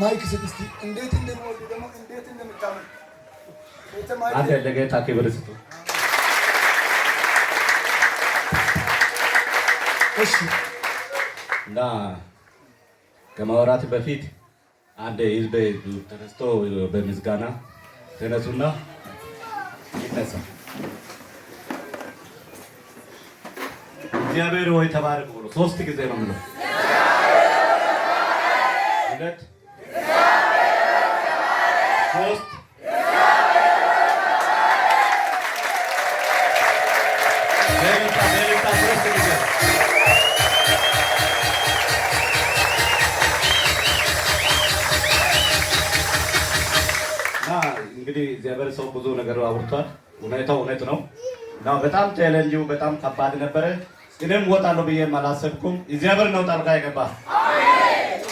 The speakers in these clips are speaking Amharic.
ማይክ እንዴት እንደሚወዱ ደግሞ እንዴት ለጌታ ክብር ስጡ። እሺ እና ከማውራት በፊት አንድ ህዝብ ተነስቶ በምስጋና ተነሱና ይነሳ። እግዚአብሔር ወይ ተባረክ ብሎ ሶስት ጊዜ ነው የምለው ማለት ሶስት እንግዲህ እግዚአብሔር ሰው ብዙ ነገር አውርቷል። ሁኔታው እውነት ነው እና በጣም ቻሌንጅ በጣም ከባድ ነበረ። እኔም ወጣለሁ ብዬም አላሰብኩም። እግዚአብሔር ነው ጣልቃ የገባ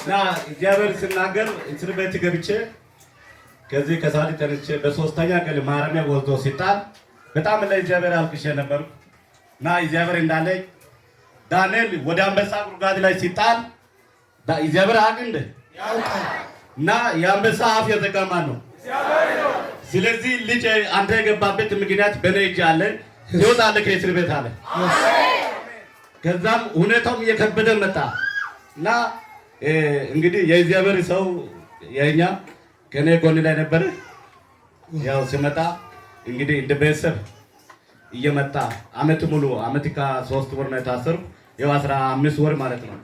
እና እግዚአብሔር ሲናገር እንትን ቤት ገብቼ ከዚህ ከሳሊ ተነቼ በሶስተኛ ቀን ማረሚያ ወስዶ ሲጣል በጣም ለእግዚአብሔር አልቅሼ ነበር እና እግዚአብሔር እንዳለኝ ዳንኤል ወደ አንበሳ ጉድጓድ ላይ ሲጣል እግዚአብሔር አቅ እንደ እና የአንበሳ አፍ የተቀማ ነው። ስለዚህ ልጅ አንተ የገባበት ምክንያት በእኔ እጅ አለ ይወጣል ከእስር ቤት አለ። ከዛም ሁኔታውም እየከበደ መጣ እና እንግዲህ የእግዚአብሔር ሰው የኛ ከኔ ጎን ላይ ነበረ። ያው ሲመጣ እንግዲህ እንደ ቤተሰብ እየመጣ አመት ሙሉ አመት ከሶስት ወር ነው የታሰሩ ያው አስራ አምስት ወር ማለት ነው።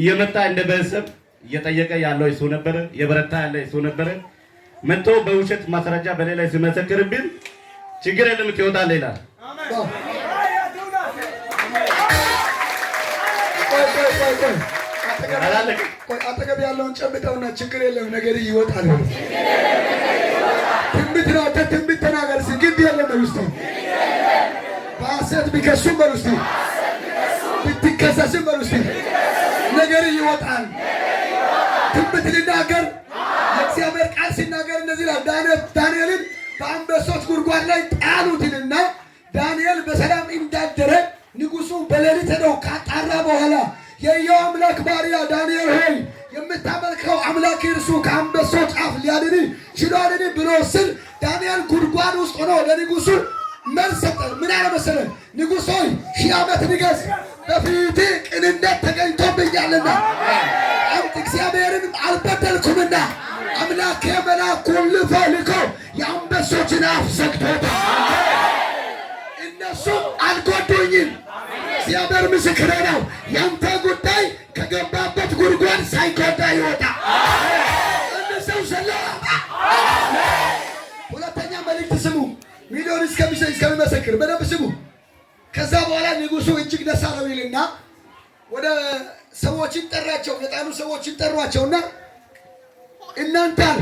እየመጣ እንደ ቤተሰብ እየጠየቀ ያለው እሱ ነበረ፣ የበረታ ያለ እሱ ነበረ። መጥቶ በውሸት ማስረጃ በኔ ላይ ሲመሰክርብን ችግር የለም ትወጣለህ ይላል። አሜን አጠገብ ያለውን ጨብጠውና ችግር የለም ነገር ይወጣል። ትንቢት ነው። አንተ ትንቢት ተናገር። ግድ የለም በውስጥ በሐሰት ቢከሱም በውስጥ ብትከሰስም በውስጥ ነገር ይወጣል። ትንቢት ሊናገር የእግዚአብሔር ቃል ሲናገር እነዚህ ላይ ዳንኤልን በአንበሶች ጉድጓድ ላይ ጣሉትንና ዳንኤል በሰላም እንዳደረ ንጉሡ በሌሊት ሄደው ካጣራ በኋላ የሕያው አምላክ ባሪያ ዳንኤል ሆይ የምታመልከው አምላክ እርሱ ከአንበሶች አፍ ሊያድን ችሏልን ብሎ ስል ዳንኤል ጉድጓድ ውስጥ ሆኖ ለንጉሱ መልስ ሰጠ። ምን አለ መሰለህ? ንጉሥ ሆይ ሺህ ዓመት ንገሥ፣ በፊት ቅንነት ተገኝቶብኛልና እግዚአብሔርን አልበደልኩምና አምላኬ መልአኩን ልፈልኮ የአንበሶችን አፍ ዘግቶታል፣ እነሱ አልጎዱኝም። እግዚአብሔር ምስክሬ ነው። ያንተ ጉዳይ ከገባበት ጉድጓድ ሳይጎዳ ይወጣ። እነሰው ሰላ ሁለተኛ መልእክት ስሙ። ሚሊዮን እስከሚመሰክር በደንብ ስሙ። ከዛ በኋላ ንጉሱ እጅግ ደስ አለው ይልና ወደ ሰዎችን ጠራቸው። የጣሉ ሰዎችን ጠሯቸውና እናንታል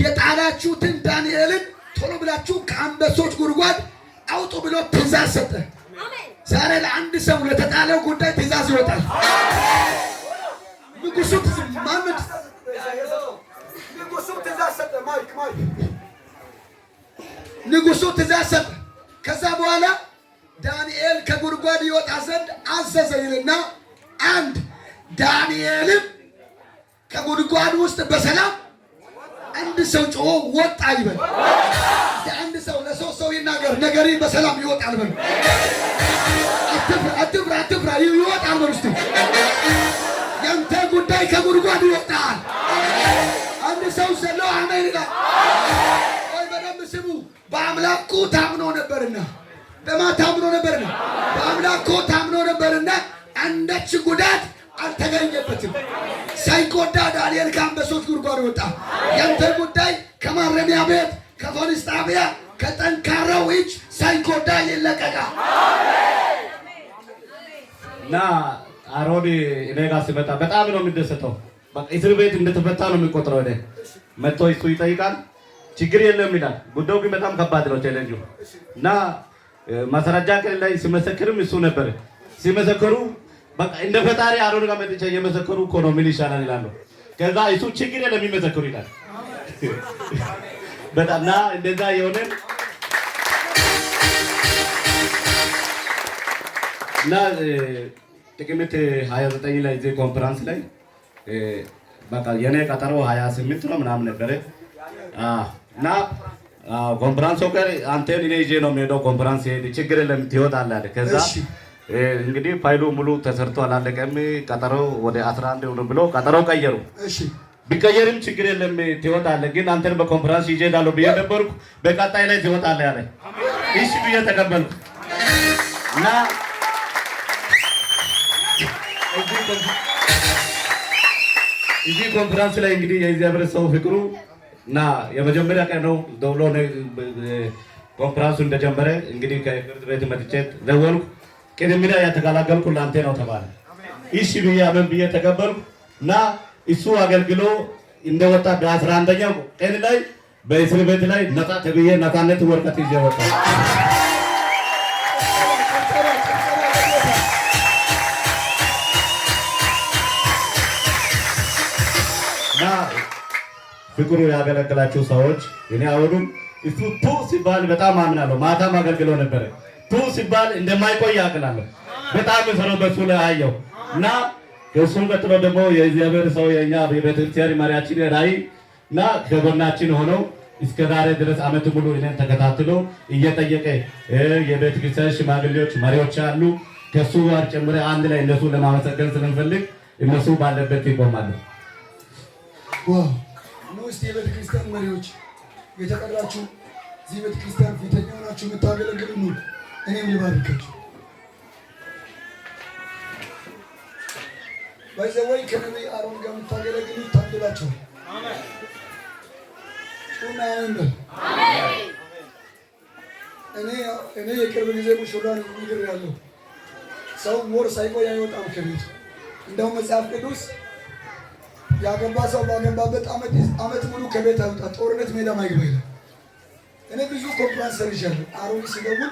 የጣላችሁትን ዳንኤልን ቶሎ ብላችሁ ከአንበሶች ጉድጓድ አውጡ ብሎ ትእዛዝ ሰጠ። ዛሬ ለአንድ ሰው ለተጣለው ጉዳይ ትእዛዝ ይወጣል። ንጉሱ ማመድ ንጉሱ ትእዛዝ ሰጠ። ከዛ በኋላ ዳንኤል ከጉድጓድ ይወጣ ዘንድ አዘዘ ይልና አንድ ዳንኤልም ከጉድጓድ ውስጥ በሰላም አንድ ሰው ጮሆ ወጣ ይበል። አንድ ሰው ለሶስት ሰው ይናገር ነገሪ በሰላም ይወጣል በል አትፍራ፣ አትፍራ። ይወጣል በርስቱ ያንተ ጉዳይ ከጉድጓድ ይወጣል። አንድ ሰው ሰለው አሜን ይላል። ወይ በደንብ ስሙ። በአምላኩ ታምኖ ነበርና በማ ታምኖ ነበርና በአምላኩ ታምኖ ነበርና አንዳች ጉዳት አልተገኘበትም። ሳይጎዳ ዳንኤል ከአንበሶች ጉድጓድ ወጣ። ያንተ ጉዳይ ከማረሚያ ቤት፣ ከፖሊስ ጣቢያ፣ ከጠንካራው እጅ ሳይጎዳ ይለቀቃል። እና አሮን እኔ ጋር ሲመጣ በጣም ነው የሚደሰተው። እስር ቤት እንደተፈታ ነው የሚቆጥረው። እኔ መጥቶ እሱ ይጠይቃል፣ ችግር የለም ይላል። ጉዳዩ ግን በጣም ከባድ ነው ቻሌንጁ እና ማስረጃ ቀን ላይ ሲመሰክርም እሱ ነበር ሲመሰክሩ በቃ እንደ ፈጣሪ አሮን ጋር መጥቼ እየመሰከሩ እኮ ነው ምን ይሻላል ይላሉ። ከዛ እሱ ችግር የለም ይመሰክሩ ይላል። በጣም ና እንደዛ የሆነን እና ጥቅምት 29 ላይ እዚህ ኮንፈረንስ ላይ በቃ የኔ ቀጠሮ 28 ነው ምናምን ነበረ እና ኮንፈረንስ ወቀር አንተን እኔ ይዤ ነው የምሄደው። ኮንፈረንስ ሄድ ችግር የለም ትወጣለህ አለ። ከዛ እንግዲህ ፋይሉ ሙሉ ተሰርቶ አላለቀም። ቀጠሮ ወደ 11 ነው ብሎ ቀጠሮ ቀየሩ። ቢቀየርም ችግር የለም ትወጣለህ፣ ግን አንተን በኮንፈረንስ ይዤ እሄዳለሁ ብዬ ነበርኩ። በቀጣይ ላይ ትወጣለህ አለ። እሺ ብዬ ተቀበልኩ እና እዚህ ኮንፈረንስ ላይ እንግዲህ የእግዚአብሔር ሰው ፍቅሩ እና የመጀመሪያ ቀን ነው ደውሎ ኮንፈረንሱ እንደጀመረ እንግዲህ ከፍርድ ቤት መጥቼ ደወልኩ። ቅድሚያ የተገላገልኩ ለአንተ ነው ተባለ። እሺ ብዬ አመን ብዬ ተቀበልኩ እና እሱ አገልግሎ እንደወጣ በአስራ አንደኛው ቀን ላይ በእስር ቤት ላይ ነጻ ተብዬ ነጻነት ወረቀት ይዤ ወጣሁ። ፍቅሩ ያገለግላችሁ ሰዎች እኔ አሁንም እሱ ቱ ሲባል በጣም አምናለሁ። ማታም አገልግሎ ነበረ። ቱ ሲባል እንደማይቆይ አቅላለሁ። በጣም ሰሮ በሱ ላይ አየው እና ከእሱም ቀጥሎ ደግሞ የእግዚአብሔር ሰው የእኛ የቤተክርስቲያን መሪያችን ራይ እና ከጎናችን ሆነው እስከ ዛሬ ድረስ አመት ሙሉ እኔን ተከታትሎ እየጠየቀ የቤተክርስቲያን ሽማግሌዎች መሪዎች አሉ። ከእሱ ጋር ጨምረ አንድ ላይ እነሱ ለማመሰገን ስንፈልግ እነሱ ባለበት ይቆማለሁ። ኑ እስቲ ክርስቲያን መሪዎች የተቀራችሁ እዚህ ቤተ ክርስቲያን ፊተኛ ሆናችሁ የምታገለግሉ ኑ፣ እኔም ልባርካችሁ። ባይዘወይ ከነቢይ አሮን ጋር የምታገለግሉ ታድላችኋል። እኔ የቅርብ ጊዜ ሙሽራን ምድር ያለው ሰው ሞር ሳይቆይ አይወጣም ከቤቱ እንደውም መጽሐፍ ቅዱስ ያገባ ሰው ባገባበት አመት ሙሉ ከቤት አይወጣ፣ ጦርነት ሜዳ ማይገባ ይላል። እኔ ብዙ ኮንፍራንስ ሰርቻለሁ። አሮን ሲገቡን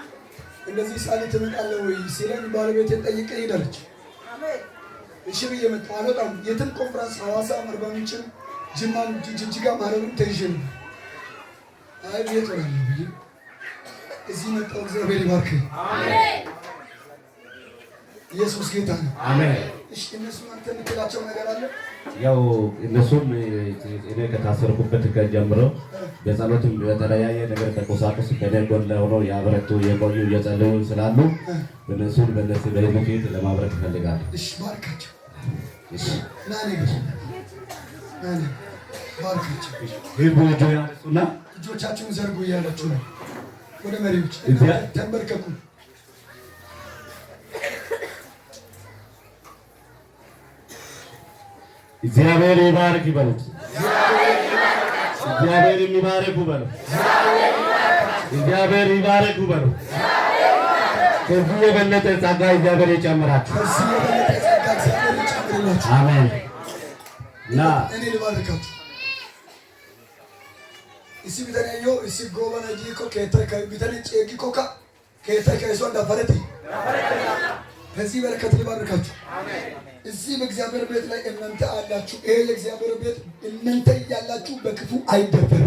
እንደዚህ ሳሊ ትመጣለህ ወይ ሲለን ባለቤቴን ጠይቄ ሄዳለች። እሺ ብዬ መጣሁ። አልወጣም የትም ኮንፍራንስ ሐዋሳ፣ አርባ ምንጭም፣ ጅማም፣ ጅጅጋ ማረብም ተይዤ ነው። አይ ብዬ እጦራለሁ ብዬ እዚህ መጣሁ። እግዚአብሔር ይባርክህ። ኢየሱስ ጌታ ነው። እሺ እነሱ አንተ የምትላቸው ነገር አለ ያው እነሱም እኔ ከታሰርኩበት ቀን ጀምሮ በጸሎትም በተለያየ ነገር ተቆሳቁስ ከእኔ ጎን ሆነው ያበረቱ የቆዩ እየጸለዩ ስላሉ እነሱን በነሱ በህዝብ ፊት ለማብረት ይፈልጋል። እጆቻችሁን ዘርጉ ነው ወደ መሪዎች ተንበርከኩ። እግዚአብሔር ይባርክ ይበሉት። እግዚአብሔር ይባርክ ይበሉ። እግዚአብሔር ይባርክ ይበሉ። ከዚህ የበለጠ ጸጋ እግዚአብሔር ይጨምራችሁ። አሜን። ና እኔ ልባርካችሁ። issi bitaneenyo issi gooba najiiko keettay kay bitane ceegikkokka keettay kaysuwan dafaretii ከዚህ በረከት ልባርካችሁ። እዚህ በእግዚአብሔር ቤት ላይ እናንተ አላችሁ። ይሄ የእግዚአብሔር ቤት እናንተ እያላችሁ በክፉ አይደበርም።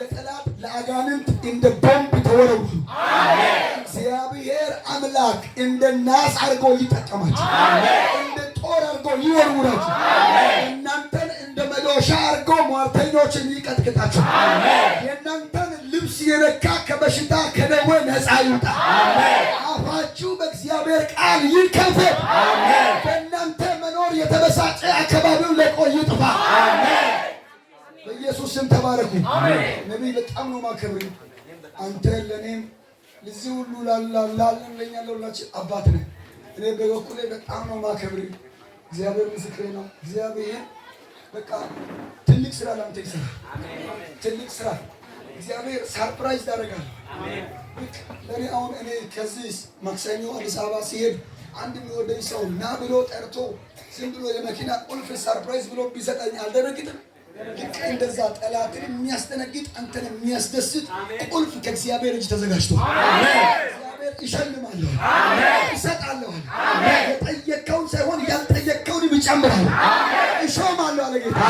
ለጠላት ለአጋንንት እንደ ቦምብ ተወረውሉ። እግዚአብሔር አምላክ እንደ ናስ አድርጎ ይጠቀማችሁ፣ እንደ ጦር አድርጎ ይወርውራችሁ። እናንተን እንደ መዶሻ አድርጎ ሟርተኞችን ይቀጥቅጣችሁ። የእናንተን ልብስ የነካ ከበሽታ ከደዌ ነፃ ይውጣ። አፋችሁ የእግዚአብሔር ቃል ይከፈት። በእናንተ መኖር የተበሳጨ አካባቢው ለቆ ይጥፋ። በኢየሱስ ስም ተባረኩ። ነቢይ በጣም ነው ማከብር። አንተ ለእኔም ለዚህ ሁሉ ላለን ለኛ ለሁላችን አባት ነህ። እኔ በበኩሌ በጣም ነው ማከብር። እግዚአብሔር ምስክሬ ነው። እግዚአብሔር በቃ ትልቅ ስራ ለአንተ ይሰራ፣ ትልቅ ስራ እግዚአብሔር ሰርፕራይዝ ታደርጋለህ። እኔ አሁን እኔ ከዚህ ማክሰኞ አዲስ አበባ ሲሄድ አንድ የሚወደኝ ሰው ና ብሎ ጠርቶ ዝም ብሎ የመኪና ቁልፍ ሰርፕራይዝ ብሎ ቢሰጠኝ አልደነግጥም? ልክ እንደዛ ጠላትን የሚያስደነግጥ አንተን የሚያስደስት ቁልፍ ከእግዚአብሔር እጅ ተዘጋጅቷል። እግዚአብሔር ይሸልማለሁ፣ ይሰጣለሁ፣ የጠየቀውን ሳይሆን ያልጠየቀውን ይጨምራል፣ እሾማለሁ አለ ጌታ።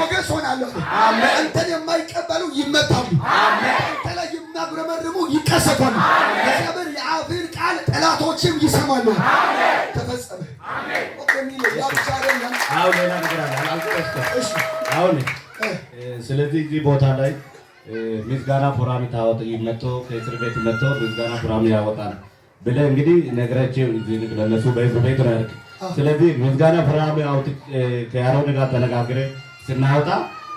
ሞገስ ሆናለሁ። አንተን የማይቀበሉ ይመታሉ። የሚያጉረመርሙ ይቀሰፋሉ። እግዚአብሔር የአፍህን ቃል ጠላቶችም ይሰማሉ። ተፈጸመ። አሁን ስለዚህ እዚህ ቦታ ላይ ምስጋና ፕሮግራም ታወጥ ይመጡ ከእስር ቤት መጥቶ ምስጋና ፕሮግራም ያወጣል ብለ እንግዲህ ነገራቸው ለነሱ በእስር ቤት ነው ያልክ። ስለዚህ ምስጋና ፕሮግራም ያወጥ ከያሮን ጋር ተነጋግረ ስናወጣ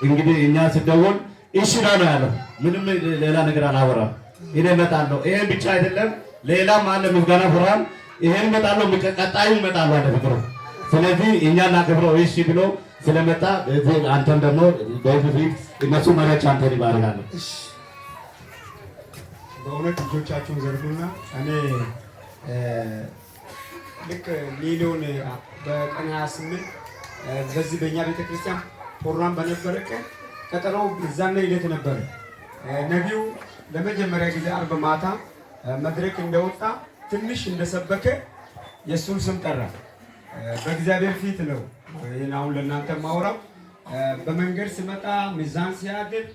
እንግዲህ እኛ ስደውል እሺ ነው ያለው። ምንም ሌላ ነገር አላወራም። እኔ እመጣለሁ። ይሄን ብቻ አይደለም ሌላም አለ ምስጋና ፕሮግራም። ይሄን እመጣለሁ፣ ቀጣዩ እመጣለሁ አለ ፍቅሩ። ስለዚህ እኛ እናክብረው። እሺ ብሎ ስለመጣ አንተም ደግሞ በፊት እነሱ መሪያቸው አንተን ይባርካሉ። በእውነት ልጆቻችሁን ዘርጉና እኔ ልክ ሌሎን በቀን 28 በዚህ በእኛ ቤተክርስቲያን ፕሮግራም በነበረ ቀን ቀጠሮው ላይ ይለት ነበረ። ነቢዩ ለመጀመሪያ ጊዜ አርብ ማታ መድረክ እንደወጣ ትንሽ እንደሰበከ የእሱን ስም ጠራ። በእግዚአብሔር ፊት ነው ይህን አሁን ለእናንተ ማውራው። በመንገድ ስመጣ ሚዛን ሲያድር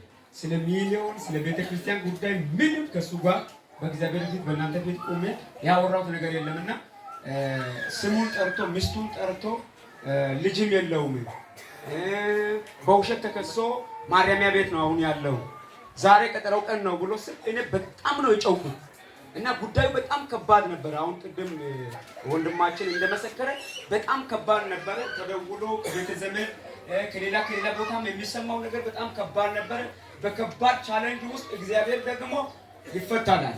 ስለ ሚሊዮን ስለ ቤተ ክርስቲያን ጉዳይ ምንም ከእሱ ጋር በእግዚአብሔር ፊት በእናንተ ፊት ቁሜ ያወራሁት ነገር የለምና ስሙን ጠርቶ ሚስቱን ጠርቶ ልጅም የለውም በውሸት ተከሶ ማረሚያ ቤት ነው አሁን ያለው። ዛሬ ቀጠረው ቀን ነው ብሎ ስል እኔ በጣም ነው የጨውኩት እና ጉዳዩ በጣም ከባድ ነበረ። አሁን ቅድም ወንድማችን እንደመሰከረ በጣም ከባድ ነበረ። ተደውሎ ከቤተ ከሌላ ከሌላ ቦታም የሚሰማው ነገር በጣም ከባድ ነበረ። በከባድ ቻለንጅ ውስጥ እግዚአብሔር ደግሞ ይፈታናል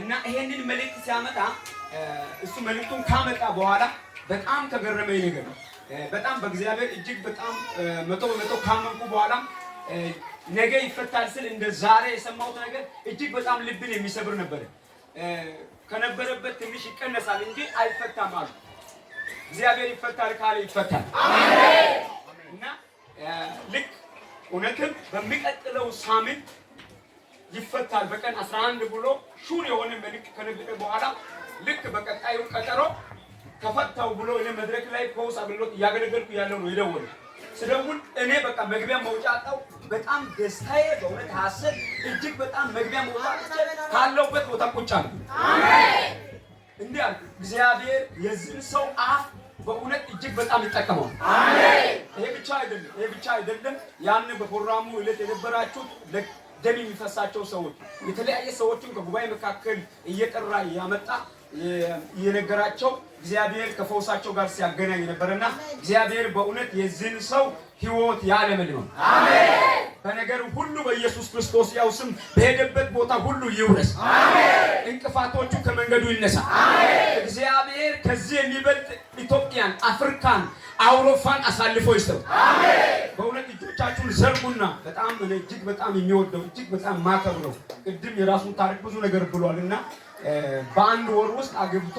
እና ይሄንን መልእክት ሲያመጣ እሱ መልእክቱን ካመጣ በኋላ በጣም ከገረመኝ ነገር ነው በጣም በእግዚአብሔር እጅግ በጣም መቶ በመቶ ካመንኩ በኋላም ነገ ይፈታል ስል እንደ ዛሬ የሰማሁት ነገር እጅግ በጣም ልብን የሚሰብር ነበረ። ከነበረበት ትንሽ ይቀነሳል እንጂ አይፈታም አሉ። እግዚአብሔር ይፈታል ካለ ይፈታል እና ልክ እውነትም በሚቀጥለው ሳምንት ይፈታል በቀን 11 ብሎ ሹር የሆነ መልክ ከነገረ በኋላ ልክ በቀጣዩ ቀጠሮ ከፈታው ብሎ እኔ መድረክ ላይ ፈውስ አገልግሎት እያገለገልኩ ያለው ነው የደወለ ስለሙን እኔ በቃ መግቢያ መውጫ አጣው። በጣም ደስታዬ በእውነት ሐሰት እጅግ በጣም መግቢያ መውጫ ካለውበት ቦታ ቁጭ አልኩ። እንዲህ አልኩ፣ እግዚአብሔር የዚህን ሰው አፍ በእውነት እጅግ በጣም ይጠቀመዋል። ይሄ ብቻ አይደለም፣ ይሄ ብቻ አይደለም። ያን በፕሮግራሙ እለት የነበራችሁት ደም የሚፈሳቸው ሰዎች የተለያየ ሰዎችን ከጉባኤ መካከል እየጠራ ያመጣ የነገራቸው እግዚአብሔር ከፈውሳቸው ጋር ሲያገናኝ ነበርና እግዚአብሔር በእውነት የዚህን ሰው ህይወት ያለምን ነው። አሜን። በነገር ሁሉ በኢየሱስ ክርስቶስ ያው ስም በሄደበት ቦታ ሁሉ ይውረስ። አሜን። እንቅፋቶቹ ከመንገዱ ይነሳ። አሜን። እግዚአብሔር ከዚህ የሚበልጥ ኢትዮጵያን፣ አፍሪካን፣ አውሮፓን አሳልፎ ይስጠው። አሜን። በእውነት እጆቻችሁን ዘርጉና በጣም እጅግ በጣም የሚወደው እጅግ በጣም ማከብረው ቅድም የራሱን ታሪክ ብዙ ነገር ብሏልና በአንድ ወር ውስጥ አግብቶ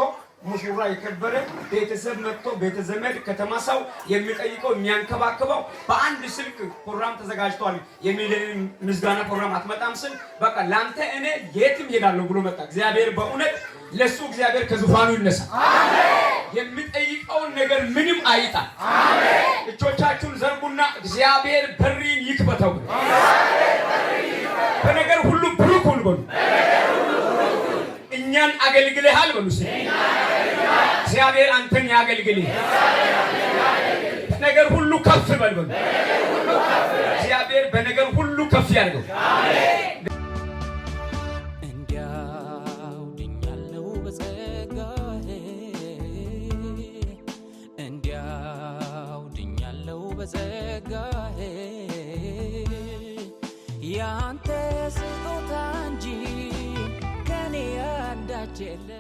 ሙሽራ የከበረ ቤተሰብ መጥቶ ቤተዘመድ ከተማ ሰው የሚጠይቀው የሚያንከባክበው በአንድ ስልክ ፕሮግራም ተዘጋጅቷል። የሚሊኒየም ምዝጋና ፕሮግራም አትመጣም ስል በቃ ለአንተ እኔ የትም ሄዳለሁ ብሎ መጣ። እግዚአብሔር በእውነት ለሱ እግዚአብሔር ከዙፋኑ ይነሳል። የሚጠይቀውን ነገር ምንም አይጣል። እጆቻችሁን ዘርጉና እግዚአብሔር በሪን ይክፈተው። በነገር ሁሉ ብሩክ ሁን በሉ። እኛን አገልግልሃል በሉ። እግዚአብሔር አንተን ያገልግልህ፣ ነገር ሁሉ ከፍ በል በሉ። እግዚአብሔር በነገር ሁሉ ከፍ ያድርገው። pagelle